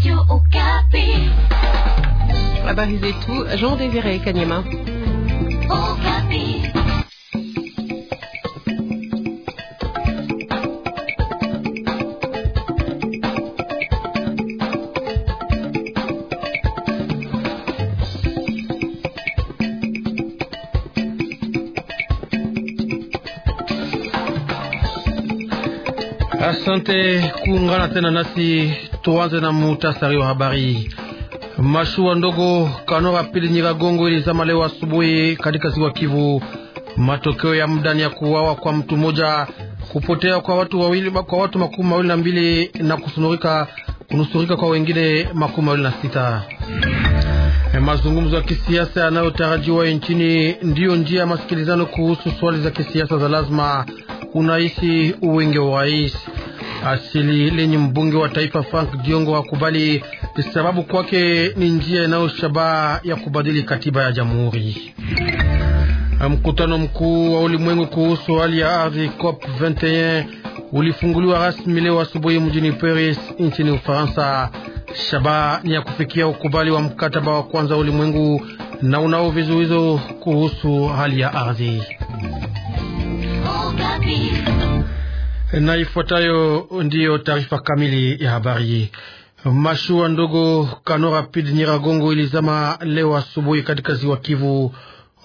Radio Okapi. Habari zetu Jean Desire Kanyema. Okapi. Asante kuungana tena nasi Tuanze na muhtasari wa habari. Mashua ndogo Kanora pili Nyiragongo ilizama leo asubuhi katika ziwa Kivu. Matokeo ya muda ni ya kuuawa kwa mtu mmoja, kupotea kwa watu wawili, kwa watu makumi mawili na mbili na kusunurika kunusurika kwa wengine makumi mawili na sita. E, mazungumzo ya kisiasa yanayotarajiwa nchini ndiyo njia ya masikilizano kuhusu swali za kisiasa za lazima unahisi uwingi wa rais asili lenye mbunge wa taifa Frank Diongo hakubali, sababu kwake ni njia inayo shabaha ya kubadili katiba ya jamhuri. Mkutano mkuu wa ulimwengu kuhusu hali ya ardhi COP 21 ulifunguliwa rasmi leo asubuhi mjini Paris nchini Ufaransa. Shabaha ni ya kufikia ukubali wa mkataba wa kwanza ulimwengu na unao vizuizo kuhusu hali ya ardhi. Oh, na ifuatayo ndiyo taarifa kamili ya habari. Mashua ndogo kano rapid Nyiragongo ilizama leo asubuhi katika ziwa Kivu.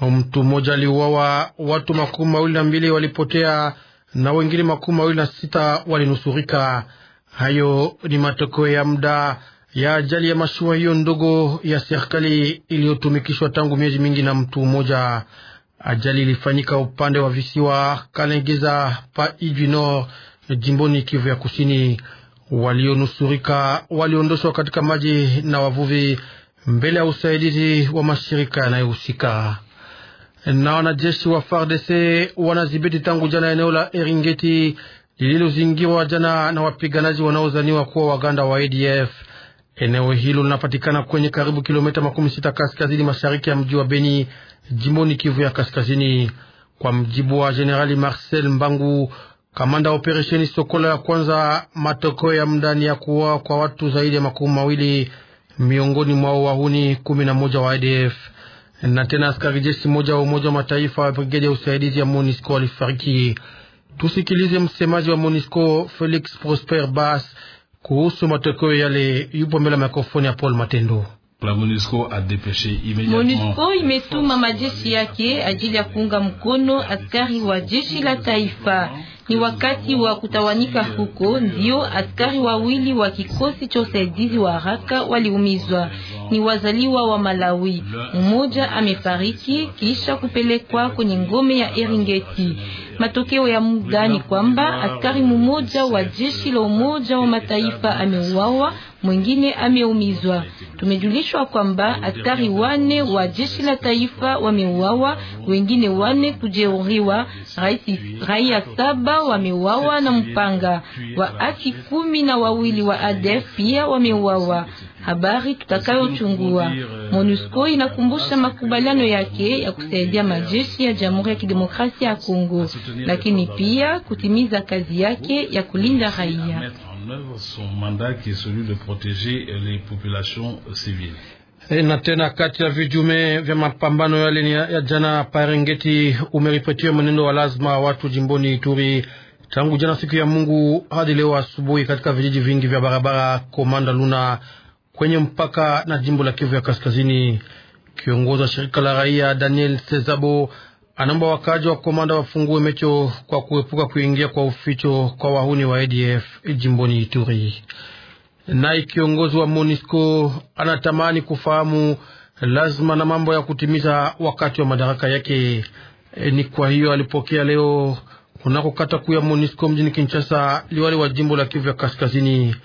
Mtu mmoja aliuawa, watu makumi mawili na mbili walipotea na wengine makumi mawili na sita walinusurika. Hayo ni matokeo ya muda ya ajali ya mashua hiyo ndogo ya serikali iliyotumikishwa tangu miezi mingi na mtu mmoja. Ajali ilifanyika upande wa visiwa Kalengeza pa Ijwi Nord jimboni Kivu ya Kusini. Walionusurika waliondoshwa katika maji na wavuvi mbele ya usaidizi wa mashirika yanayohusika na wanajeshi wa FARDC wanadhibiti tangu jana eneo la Eringeti lililozingirwa jana na wapiganaji wanaozaniwa kuwa waganda wa ADF. Eneo hilo linapatikana kwenye karibu kilomita makumi sita kaskazini mashariki ya mji wa Beni, jimboni Kivu ya Kaskazini. Kwa mjibu wa Jenerali Marcel Mbangu, kamanda wa operesheni Sokola ya kwanza, matokeo ya mdani ya kuwa kwa watu zaidi ya makumi mawili miongoni mwao wahuni kumi na moja wa idf na tena askari jeshi moja wa Umoja wa Mataifa wa brigedi ya usaidizi ya MONUSCO alifariki Tusikilize msemaji wa MONUSCO Felix Prosper Bas kuhusu matokeo yale. Yupo mbele ya mikrofoni ya Paul Matendo. MONUSCO imetuma majeshi yake ajili ya kuunga mkono askari wa jeshi la taifa. Ni wakati wa kutawanika huko, ndio askari wawili wa kikosi cha usaidizi wa haraka waliumizwa. Ni wazaliwa wa Malawi, mmoja amefariki kisha kupelekwa kwenye ngome ya Eringeti. Matokeo ya muda ni kwamba askari mmoja wa jeshi la Umoja wa Mataifa ameuawa mwingine ameumizwa. Tumejulishwa kwamba askari wane wa jeshi la taifa wameuawa, wengine wane kujeruhiwa, raia saba wameuawa na mpanga, waasi kumi na wawili wa ADF pia wameuawa habari tutakayochungua. MONUSCO inakumbusha makubaliano yake ya kusaidia majeshi ya Jamhuri ya Kidemokrasia ya Kongo, lakini pia kutimiza kazi yake ya kulinda raia en œuvre son mandat qui est celui de protéger les populations civiles na tena kati ya vijume vya mapambano yale ya jana Parengeti umeripotiwa mwenendo wa lazima watu jimboni Ituri tangu jana siku ya Mungu hadi leo asubuhi katika vijiji vingi vya barabara Komanda Luna kwenye mpaka na jimbo la Kivu ya Kaskazini. Kiongozi wa shirika la raia Daniel Sezabo anaomba wakaji wa Komanda wafungue mecho kwa kuepuka kuingia kwa uficho kwa wahuni wa ADF jimboni Ituri. Naye kiongozi wa MONUSCO anatamani kufahamu lazima na mambo ya kutimiza wakati wa madaraka yake. E, ni kwa hiyo alipokea leo kunako kata kuu ya MONUSCO mjini Kinshasa liwali wa jimbo la Kivu ya Kaskazini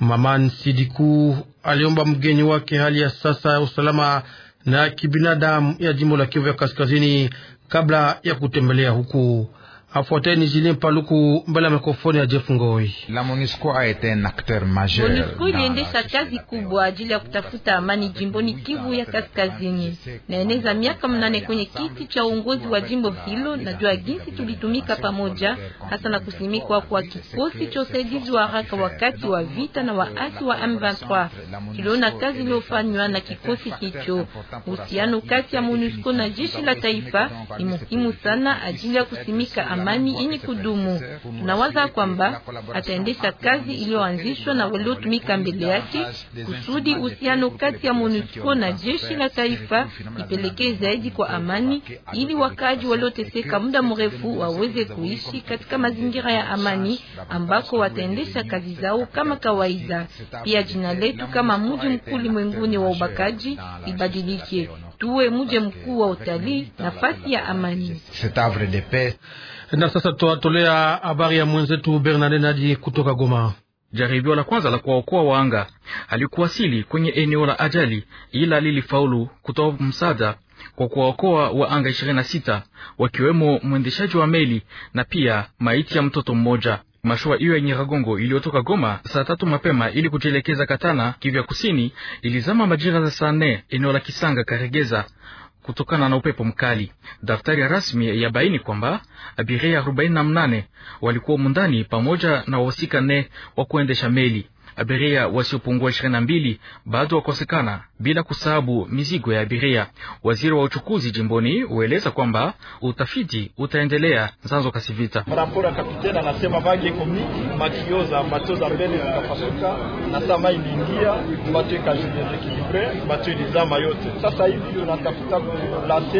Maman Sidiku aliomba mgeni wake hali ya sasa ya usalama na kibinadamu ya jimbo la Kivu ya Kaskazini kabla ya kutembelea huku Afuateni Julien Paluku mbele ya mikrofoni ya Jeff Ngoi. La MONUSCO a été un acteur majeur. MONUSCO iliendesha kazi kubwa ajili ya kutafuta amani jimboni Kivu ya Kaskazini. Naeneza miaka mnane kwenye kiti cha uongozi wa jimbo hilo, najua jinsi tulitumika pamoja, hasa na kusimikwa kwa kikosi cha usaidizi wa haraka wakati wa vita na waasi wa M23. Tuliona kazi iliyofanywa na kikosi hicho. Uhusiano kati ya MONUSCO na jeshi la taifa ni muhimu sana ajili ya kusimika amani amani yenye kudumu. Tunawaza kwamba ataendesha kazi iliyoanzishwa na waliotumika mbele yake kusudi uhusiano kati ya MONUSCO na jeshi la taifa ipelekee zaidi kwa amani, ili wakaaji walioteseka muda mrefu waweze kuishi katika mazingira ya amani ambako wataendesha kazi zao kama kawaida. Pia jina letu kama mji mkuu ulimwenguni wa ubakaji ibadilike, tuwe mji mkuu wa utalii, nafasi ya amani. Na sasa tuwatolea habari ya mwenzetu Bernard Nadi kutoka Goma. Jaribio la kwanza la kuwaokoa waanga halikuwasili kwenye eneo la ajali, ila lilifaulu kutoa msaada kwa kuwaokoa waanga 26 wakiwemo mwendeshaji wa meli na pia maiti ya mtoto mmoja. Mashua hiyo yenye ragongo iliyotoka Goma saa tatu mapema ili kujielekeza Katana, Kivu ya Kusini, ilizama majira za saa nne eneo la Kisanga Karegeza kutokana na upepo mkali. Daftari rasmi baini kwamba abiria 48 walikuwa mundani pamoja na wahusika nne wa kuendesha meli abiria wasiopungua ishirini na mbili bado wakosekana, bila kusabu mizigo ya abiria. Waziri wa uchukuzi jimboni hueleza kwamba utafiti utaendelea zanzo kasivita rapora kapitena anasema bage komiki makioza bato za mbele zikapasuka na saa mai iliingia bato ikajuezekilibre bato ilizama yote. Sasa hivi unatafuta kulase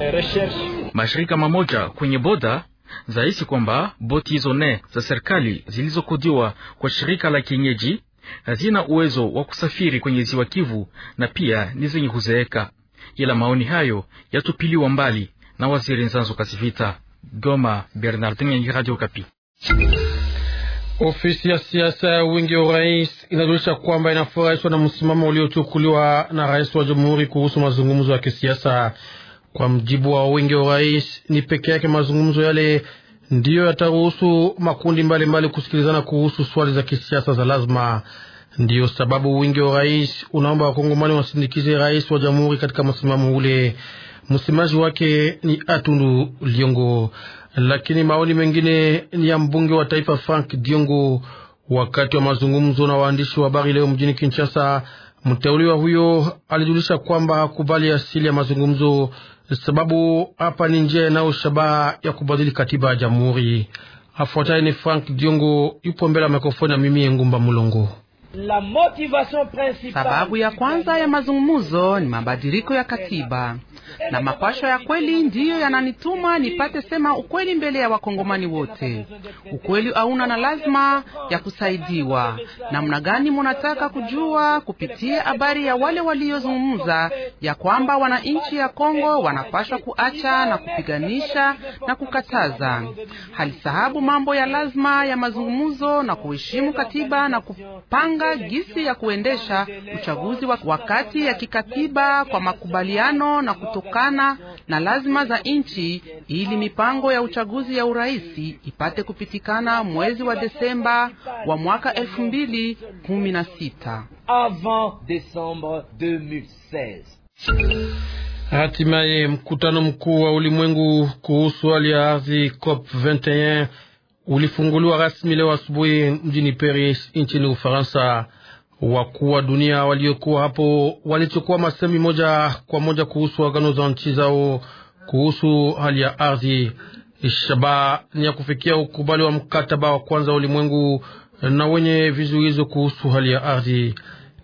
eh, recherche mashirika mamoja kwenye boda zaisi kwamba boti hizo nne za serikali zilizokodiwa kwa shirika la kienyeji hazina uwezo wa kusafiri kwenye ziwa Kivu na pia ni zenye kuzeeka, ila maoni hayo yatupiliwa mbali na waziri Nzanzo Kasivita. Goma, Bernardin, Radio Kapi. Ofisi ya siasa ya wingi wa rais inajulisha kwamba inafurahishwa na msimamo uliochukuliwa na rais wa jamhuri kuhusu mazungumzo ya kisiasa kwa mjibu wa wengi wa rais, ni peke yake mazungumzo yale ndiyo yataruhusu makundi mbalimbali mbali kusikilizana kuhusu swali za kisiasa za lazima. Ndiyo sababu wingi wa rais unaomba wakongomani wasindikize rais wa jamhuri katika msimamo ule. Msemaji wake ni Atundu Liongo, lakini maoni mengine ni ya mbunge wa taifa Frank Diongo wakati wa mazungumzo na waandishi wa habari leo mjini Kinshasa. Mteuliwa huyo alijulisha kwamba hakubali asili ya mazungumzo sababu hapa ni njia inayo shabaha ya kubadili katiba ya jamhuri. Afuatayo ni Frank Diongo, yupo mbele ya mikrofoni ya mimi Engumba Mulongo. Sababu ya kwanza ya mazungumzo ni mabadiliko ya katiba na mapasho ya kweli ndiyo yananituma nipate sema ukweli mbele ya wakongomani wote. Ukweli hauna na lazima ya kusaidiwa. Namna gani munataka kujua kupitia habari ya wale waliozungumza ya kwamba wananchi ya Kongo wanapashwa kuacha na kupiganisha na kukataza halisahabu mambo ya lazima ya mazungumzo na kuheshimu katiba na kupanga gisi ya kuendesha uchaguzi wa wakati ya kikatiba kwa makubaliano na kutokana na lazima za nchi, ili mipango ya uchaguzi ya urais ipate kupitikana mwezi wa Desemba wa mwaka elfu mbili kumi na sita. Hatimaye mkutano mkuu wa ulimwengu kuhusu hali ya ardhi COP ulifunguliwa rasmi leo asubuhi mjini Paris nchini Ufaransa. Wakuu wa dunia waliokuwa hapo walichukua masemi moja kwa moja kuhusu agano za nchi zao kuhusu hali ya ardhi. Shabaha ni ya kufikia ukubali wa mkataba wa kwanza ulimwengu na wenye vizuizo kuhusu hali ya ardhi.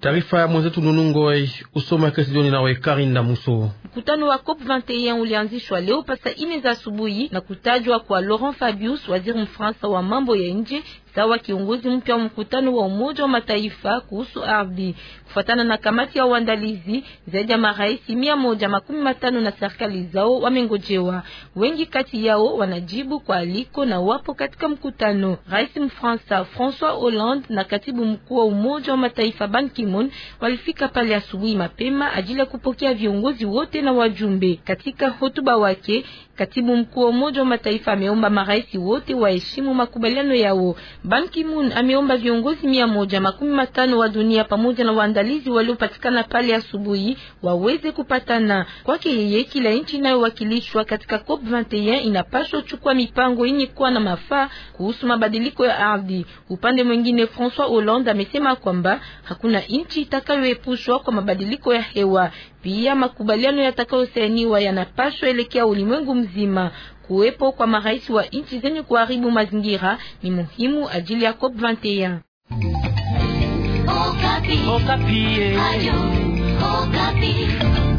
Taarifa ya mwenzetu Nunungoi usoma Kesidioni nawe Karinda Muso. Mkutano wa COP 21 ulianzishwa leo pasa ine za asubuhi na kutajwa kwa Laurent Fabius, waziri Mfaransa wa mambo ya nje sawa kiongozi mpya wa mkutano wa Umoja wa Mataifa kuhusu ardhi. Kufuatana na kamati ya uandalizi, zaidi ya marais mia moja makumi matano na serikali zao wamengojewa. Wengi kati yao wanajibu kwa aliko na wapo katika mkutano. Rais mfransa Francois Hollande na katibu mkuu wa Umoja wa Mataifa Ban Ki-moon walifika pale asubuhi mapema ajili ya kupokea viongozi wote na wajumbe. Katika hotuba wake Katibu mkuu wa Umoja wa Mataifa ameomba marais wote waheshimu makubaliano yao. Ban Ki-moon ameomba viongozi mia moja makumi matano wa dunia pamoja na waandalizi waliopatikana pale asubuhi waweze kupatana. Kwake yeye, kila nchi inayowakilishwa katika COP 21 inapaswa kuchukua mipango yenye kuwa na mafaa kuhusu mabadiliko ya ardhi. Upande mwingine, François Hollande amesema kwamba hakuna nchi itakayoepushwa kwa mabadiliko ya hewa. Pia makubaliano yatakayosainiwa yanapaswa elekea ulimwengu mzima. Kuwepo kwa marais wa nchi zenye kuharibu mazingira ni muhimu ajili ya COP 21. Okapi. Okapi.